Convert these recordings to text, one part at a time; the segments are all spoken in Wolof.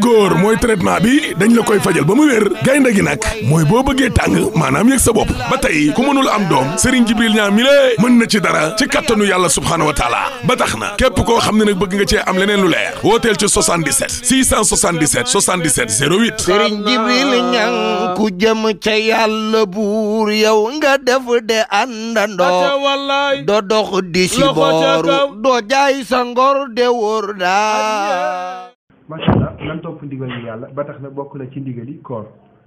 Gor, moy traitement bi dañ la koy fajal ba mu wér gaynde gi nak moy bo bëggee tang manam yek sa bop ba tay ku mënul am doom Serigne Jibril ñaan mi mën na ci dara ci katanu yalla subhanahu wa taala ba taxna na képp koo xam ne bëgg nga ci am leneen lu leer wotel ci 77 677 77 08 Serigne Jibril ñaan ku jëm ci yalla bur yow nga def de andando do dox di ci bor do jaay sa ngor de wor da masha Allah nan topp ndigal yi yàlla ba tax na bokk na ci ndigal yi koor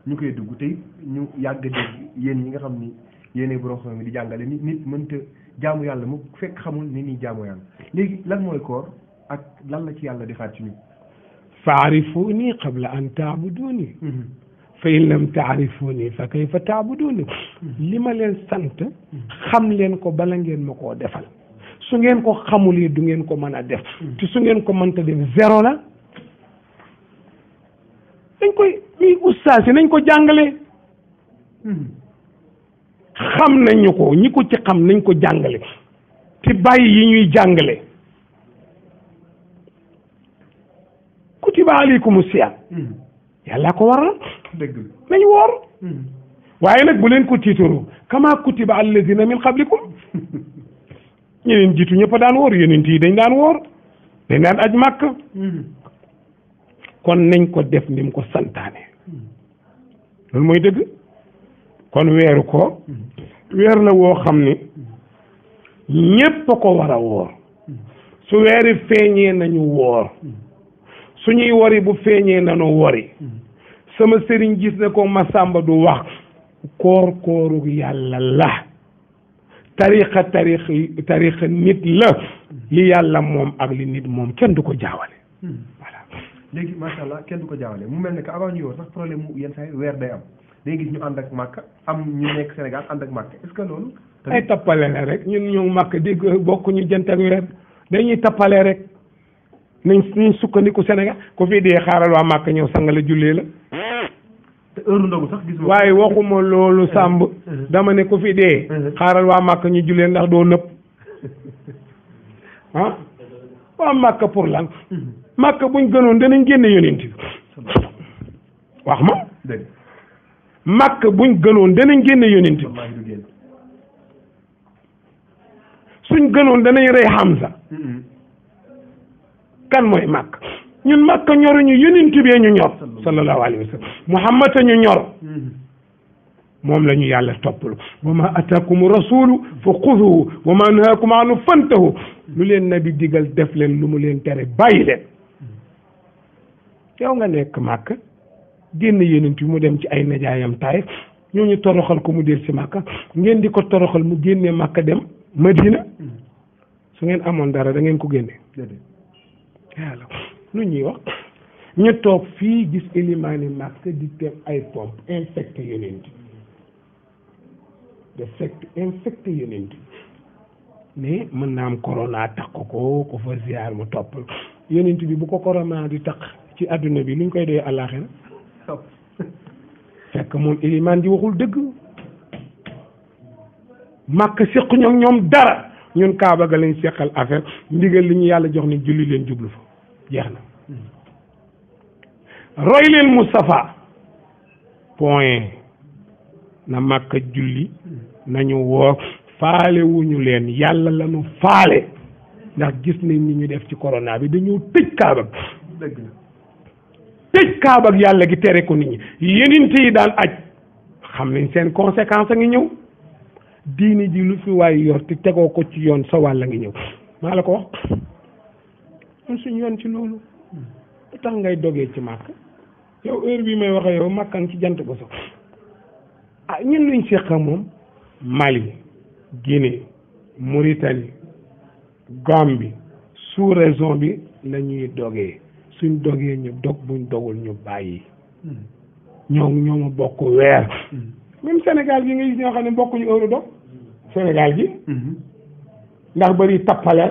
ñu koy dugg te ñu yàgg dégg yéen ñi nga xam ni yéenay borom xam mi di jàngale ni nit mënta jaamu yàlla mu fekk xamul ni nii jaamu yàlla léegi lan mooy koor ak lan la ci yàlla di xaar ci ñun faarifuni qabla an taabuduni mhm. fa in lam taarifuni fa kayfa taabuduni mhm. li ma leen sant xam leen ko bala ngeen ma koo defal su ngeen ko xamul xamulee du ngeen ko mën a def mhm. te su ngeen ko mënta def zéro dañ koy ñuy ustaas nañ ko jàngale hmm. xam nañu ko ñi ko ci xam nañ ko jàngale te bàyyi yi ñuy jàngale kutiba aleykum siyaam hmm. yàlla ko waral dëgg nañ woor hmm. waaye nag bu leen ko tiitaroo kama kutiba alladina min qablikum ñeneen jiitu ñëpp daan woor yeneen yi dañ daan woor dañ daan aj màkk kon nañ ko def ni mu ko santaane loolu mooy dëgg kon weeru ko weer la woo xam ni ñépp a ko war a woor su weeri feeñee nañu woor suñuy wori bu feeñee nañu wori sama sëriñ gis na ko ma sàmba du wax koor koorug yàlla la tarixa tarix tarixa nit la li yàlla moom ak li nit moom kenn du ko jaawale léegi macha allah kenn du ko jaawale mu mel ne que avant ñu yow sax problème weer day am day ñu ànd ak màkka am ñu nekk Sénégal ànd ak màkka est ay tappale la rek ñun ñu màkk di bokk ñu jant ak weer dañuy tappale rek nañ suñ sukkandiku Sénégal ku fi dee xaaral waa màkk ñëw sangala jullee la. te heure ndogu waaye waxuma loolu sàmb eh, eh, eh. dama ne ku fi dee. xaaral waa màkk ñu jullee ndax doo nëpp ah. waa Màkka pour lan Màkka buñ gënoon danañ génne yonent bi wax ma Màkka buñ gënoon danañ génne yonent bi suñ gënoon danañ rey Hamza kan mooy Màkka ñun Màkka ñoruñu yonent bi ñu ñor sallallahu alayhi wa sallam Muhammad ñu ñor mm-hmm. moom lañu yàlla toppal wa ma ataakum rasulu fa xuduhu wa anu fantahu lu leen nabi digal def leen lu mu leen tere bàyyi leen yow nga nekk màkk génn yenent bi mu dem ci ay najaayam taayif ñooñu toroxal ko mu del si màkka ngeen di ko toroxal mu génnee màkka dem madina su ngeen amoon dara da ko génne yàlla ñu toog fii gis élimaani màkk di teem ay pompe infecté yenent de secte infecté yonent mais mën naa am corona takk ko ko fa ziar mu topp yonent bi bu ko corona di takk ci àdduna bi luñ koy dee àllaaxira fekk moom ilimaan ji waxul dëgg màkk séq ñoom ñoom dara ñun kaaba ga lañ seqal affaire ndigal li ñu yàlla jox ni julli leen jublu fa jeex na hmm. roy leen Moustapha point na màkka julli nañu woor faale wuñu leen yàlla la ñu faale ndax gis nañ ni ñu def ci corona bi dañoo tëj kaabak tëj kaabag yàlla gi tere ko nit ñi yenente yi daan aj xam nañ seen conséquence a ngi ñëw diini ji lu fi waay yor tegoo ko ci yoon sa wàll a ngi ñëw maa la ko wax ñun suñu yoon ci loolu lu tax ngay dogee ci màkk yow heure bii may waxe yow màkkan ci jant ba sax Nyon nou yon chekan moun, Mali, Gini, Mauritani, Gambi, sou rezon bi nan yon yon dogye. Soun dogye nyon, dog bun dogon nyon bayi. Nyon yon moun boku wèr. Mèm Senegalji nye yon kane boku yon ouro dog? Senegalji? Nèk bèri tapalè?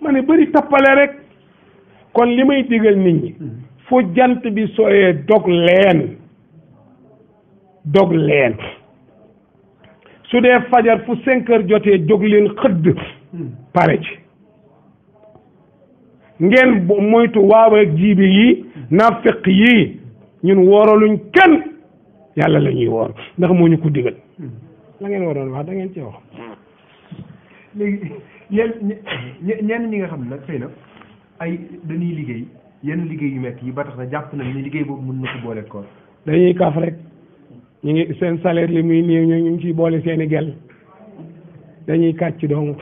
Mèni bèri tapalè rek. Kon li mè yon tigèl ninj, fò djant bi soye dog lèyèn. dog leen su dee fajar fu cinq heures jotee jóg leen xëdd pare ci ngeen moytu waaw ak jiibi yi nafiq yi ñun wooraluñ kenn yàlla la ñuy woor ndax moo ñu ko digal la ngeen waroon wax dangeen ci wax léegi yéen ñi nga xam ne nag xëy na ay dañuy liggéey yenn liggéey yu metti yi ba tax na jàpp nañ ni liggéey boobu mun na ko boole koor dañuy kaaf rek ñu ngi seen salaire li muy néew ñu ngi ciy boole seen i gel dañuy kàcc donc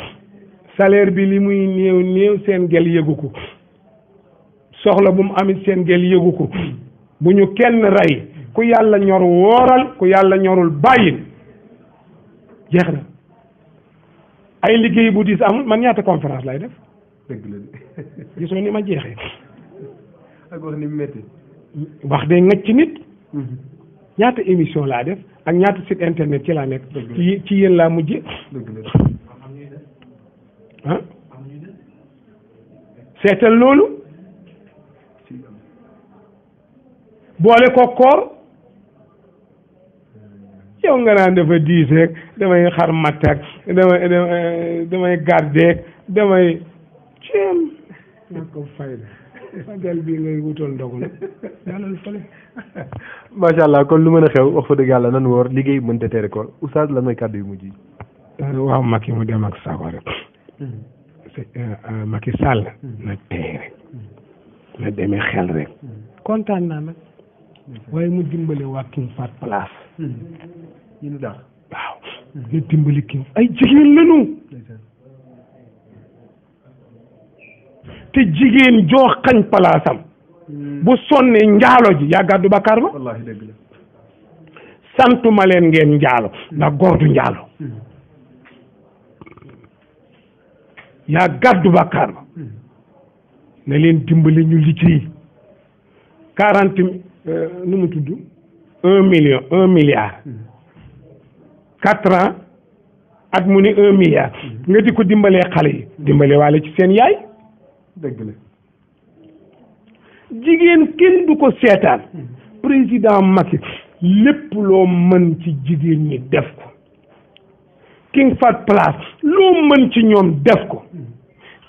salaire bi li muy néew néew seen gel yëgu ko soxla bu mu amit seen gel yëgu ko bu ñu kenn rey ku yàlla ñor wooral ku yàlla ñorul bàyyi jeex na ay liggéey bu diis amul man ñaata conférence lay def dëgg la ni ma jeexee ak wax ni metti nit mm-hmm. ñaata émission laa def ak ñaata site internet ci laa nekk. ci ci laa mujj. seetal loolu boole ko yow nga naan dafa diis rek damay xar matt ak damay damay gardeek damay ceeb na ko fay la màggal bii ngay wutoon ndogu la allah kon lu mën a xew wax fa dëgg yàlla nan woor liggéey mënta tere koor oustaz lan mooy kàddu yu mujj yi. Euh, waaw Macky mu dem ak sago rek. Hmm. Euh, euh, Macky Sall. Hmm. na tey hmm. na demee xel rek. kontaan naa nag. waaye mu dimbale waa King Fahd Palace. waaw. ñu dimbali King ay jigéen lañu. te jigéen joo xañ palaasam bu sonne njaalo ji yaa gàddu bakkaar ba santuma leen ngeen njaalo ndax góor du njaalo yaa gàddu bakkaar ba ne leen dimbali ñu liggéey quarante euh, million un milliard quatre ans at mu ni un milliard mm-hmm. nga di ko dimbalee xale yi dimbale waale ci seen yaay dëgg la jigéen kenn du ko seetaan président Macky lépp loo mën ci jigéen ñi def ko King Fahd Palace loo mën ci ñoom def ko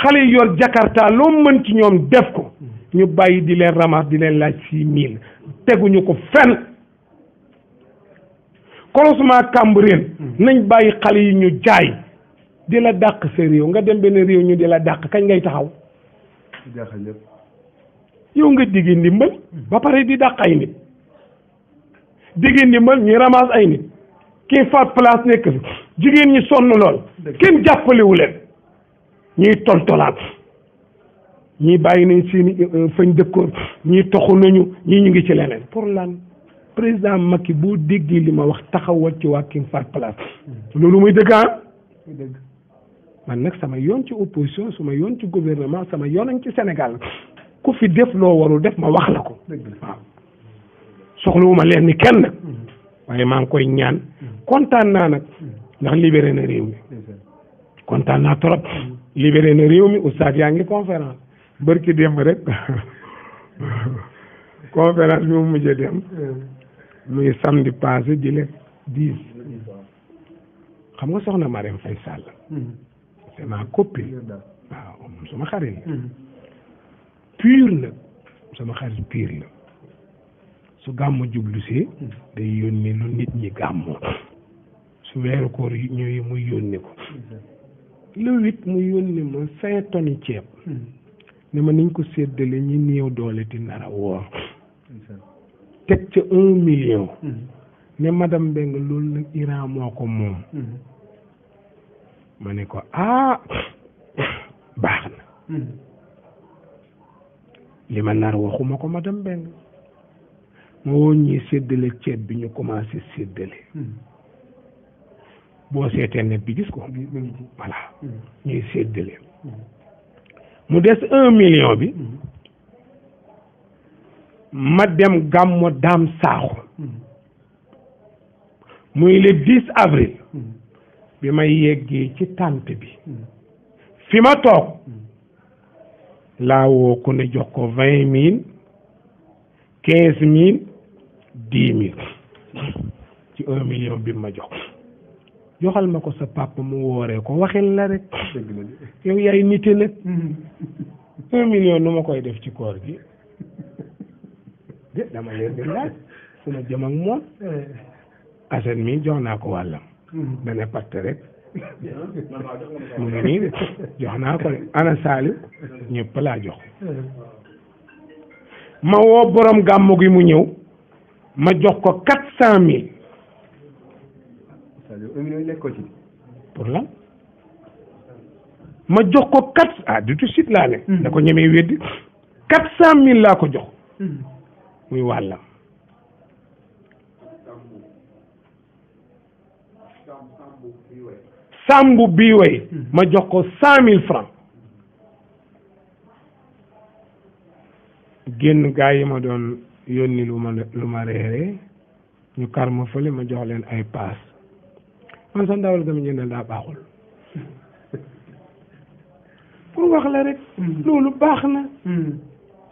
xale yi yor Jakarta loo mën ci ñoom def ko ñu bàyyi di leen ramas di leen laaj six mille teguñu ko fenn croisement Cambérène nañ bàyyi xale yi ñu jaay di la dàq sa réew nga dem benn réew ñu di la dàq kañ ngay taxaw jaaxal ñëpp yow nga digg ndimbal ba pare di dàq ay nit digg ndimbal ñi ramasse ay nit kii faat place nekk fi jigéen ñi sonn lool kenn jàppalewu leen ñuy toltolaan ñii bàyyi nañ si euh, euh, fañ dëkkoon ñi toxu nañu ñii ñu ngi ci leneen pour lan président ki boo déggee li ma wax taxawal ci waa ki Fahd Palace loolu muy dëgg ah? man nag sama yoon ci opposition sama yoon ci gouvernement sama yoon ci Sénégal ku fi def loo warul def ma wax la ko waaw soxlawuma leen ni kenn nag mm-hmm. waaye maa ngi koy ñaan mm-hmm. kontaan naa nag mm-hmm. ndax libéré na réew mi kontaan naa trop libéré na réew mi oustaz yaa ngi conférence bërki ma rek conférence bi mu mujjee dem muy samedi passé di le dix xam nga soxna Marème Faye Sall sama copine waaw ah, oh, moom sama xarit la mm-hmm. pur la sama xarit piir la su gàmmu jublu si mm-hmm. day yónni lu nit ñi gàmmu su weeru koor yi ñëwee muy yónni ko mm-hmm. le mu yónni ma cinq tonnes ceeb ne ma nañ ko séddale ñi néew doole di nar teg ca un million ne madame Mbengue loolu nag Iran moo ko moom ma ni ko ah baax na li ma nar waxuma ko madame Mbengue ma woon ñi séddale ceeb bi ñu commencé séddale boo seetee net bi gis ko voilà mm. ñuy séddale mu des un million bi mm. ma dem gàmmo daam saaxu mm. muy le 10 avril bi may yeggee ci tànt bi fi ma toog laa woo ku ne jox ko vingt mille quinze mille dix mille ci un million bi ma jox joxal ma ko sa papa mu wooree ko waxin la rek yow yaay nite nag un million nu ma koy def ci koor gi dama eh. mi jox naa ko wàllam dana mm-hmm. patt rek mu ngi nii jox naa ko de ana Saliou ñëpp laa jox ma woo borom gàmmu gi mu ñëw ma jox ko quatre cent mille pour lan ma jox ko quatre ah du tout suite laa ne mm-hmm. da ko ñemee weddi quatre cent mille laa ko jox mm-hmm. muy wàllam sàmbu bii way ma jox ko cent mille francs génn gaa yi ma doon yónni lu ma lu ma réeree ñu kar ma fële ma jox leen ay paas man sa ndawal gam jëndal daa baaxul pour wax la rek loolu baax na hmm.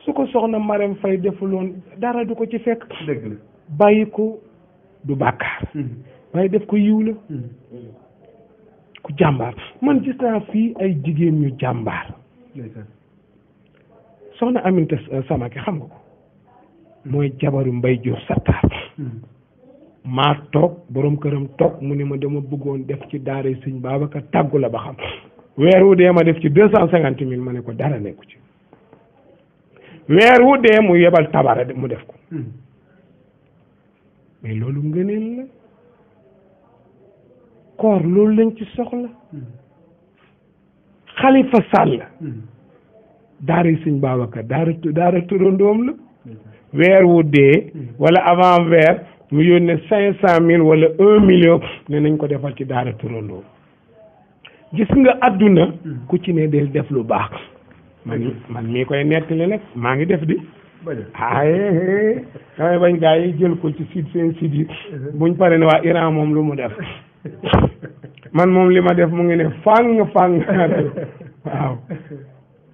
su ko soxna Marème Faye defuloon dara du ko ci fekk dëgg la bàyyi ko du bàkkaar waaye def ko yiw la ku jàmbaar man gis naa fii ay jigéen ñu jàmbaar soxna sama euh, Samake xam nga ko mooy jabaru Mbay Jóob Sattaar maa toog boroom këram toog mu ne ma dama bëggoon def ci daara sëñ Babacar tàggu la ba xam weer wu dee ma def ci deux cent cinquante mille ma ne ko dara nekku ci weer wu dee mu yebal tabara mu def ko hmm. mais loolu ngëneel la koor loolu lañ ci soxla xalifa sàll daara yi sëñ Babacar daara daara turandoom la weer wu dee wala avant weer mu yónnee cinq cent mille wala un million ne nañ ko defal ci daara turandoom gis nga àdduna ku ci ne def lu baax man man mii koy nettali nag maa ngi def di aaye damay bañ gaa yi jël ko ci site seen site yi buñ pare ne waa Iran moom lu mu def man moom li ma def mu ngi ne fang fang waaw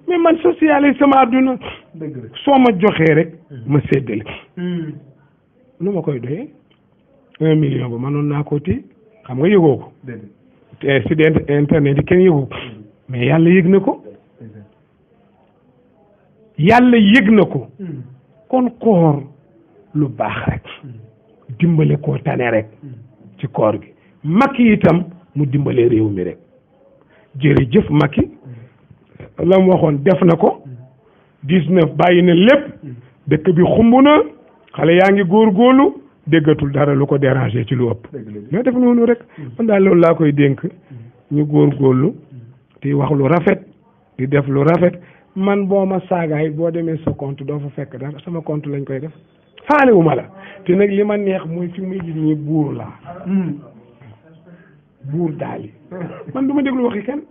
mais man socialiste sama adduna soo ma joxee rek mm. ma séddale mm. nu ma koy doyee un million ba mënoon naa ko téye xam nga yëgoo ko te si internet yi kenn yëgoo ko mm. mais yàlla yëg na ko yàlla yég na ko hmm. kon koor lu baax rek hmm. dimbale koo tane rek hmm. ci koor gi Macky itam mu dimbale réew mi rek jëf Macky la mu waxoon def na ko dix na bàyyi na lépp dëkk bi xumb na xale yaa ngi góor góorlu déggatul dara lu ko déranger ci lu ëpp mais def noonu rek man daal loolu laa koy dénk ñu góorgóorlu di wax lu rafet di def lu rafet man boo ma saagaay boo demee sa compte doo fa fekk dara sama compte lañ koy def faalewuma la te nag li ma neex mooy fi muy gis nii buur laa hmm. buur daal man du ma déglu waxi kenn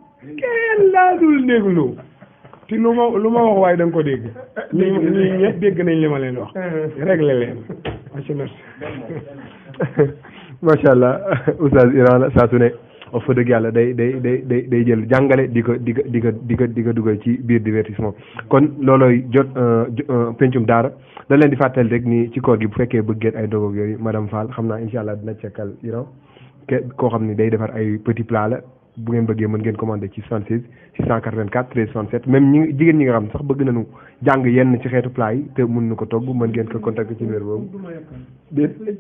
kenn laa dul déglu te lu ma lu ma wax waaye da ko dégg ñu ñu ñëpp dégg nañ li ma leen wax hmm. réglé leen merci allah oustaz Iran saa su ne wax fa dëgg yàlla day day day day day jël jàngale di ko di ko di ko di ko di ko dugal ci biir divertissement kon loolooy jot euh, euh, pencum daara da leen di fàttali rek ni ci koor gi bu fekkee bëggeen ay dogoog yooyu madame Fall xam naa incha allah dina cekkal iraw ke koo xam ni day defar ay petit plat la bu ngeen bëggee mën ngeen commandé ci 76 684 13 67 même ñi jigéen ñi nga xam sax bëgg nañu jàng yenn ci xeetu plat yi te mun na ko togg mën ngeen ko contacter ci numéro boobu. déet. di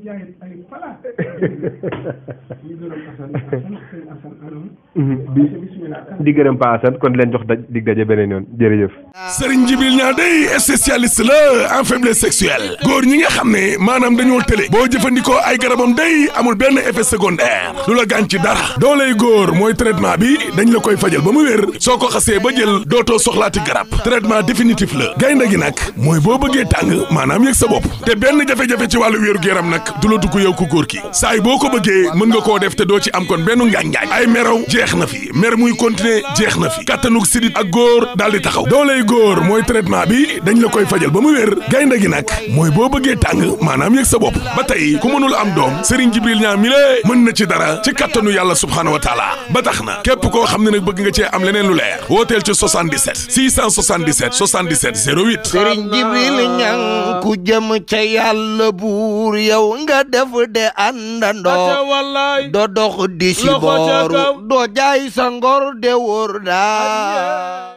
di gërëm Pa Assane kon leen jox daj dig daje beneen yoon jërëjëf. Serigne Djibril Niang day spécialiste la en faiblesse sexuelle góor ñi nga xam ne maanaam dañoo tële boo jëfandikoo ay garabam day amul benn effet secondaire lu la gaañ ci dara dooley góor mooy traitement bi dañ la koy fajal ba mu wér soo ko xasee ba jël dootoo soxlaati garab traitement définitif la. gaynde gi nag mooy boo bëggee tàng maanaam yëg sa bopp te benn jafe-jafe ci wàllu wéeru géram nag du la dugg yow ku góor ki saay boo ko bëggee mën nga koo def te doo ci am kon benn ngaañ-ngaañ ay meraw jeex na fi mer muy continuer jeex na fi kattanug sidit ak góor daal di taxaw dooley góor mooy traitement bi dañ la koy fajal ba mu wér gaynde gi nag mooy boo bëggee tàng maanaam yëg sa bopp ba tey ku mënul am doom Serigne Jibril ñaa mi lée mën na ci dara ci kattanu yàlla subhaanahu wa taala ba na képp koo xam ne lu leer wooteel ci 08. Serigne Jibril Ñang ku jëm ca yàlla buur yow nga def de àndandoo do dox di si doo jaay sa ngor de wóor daa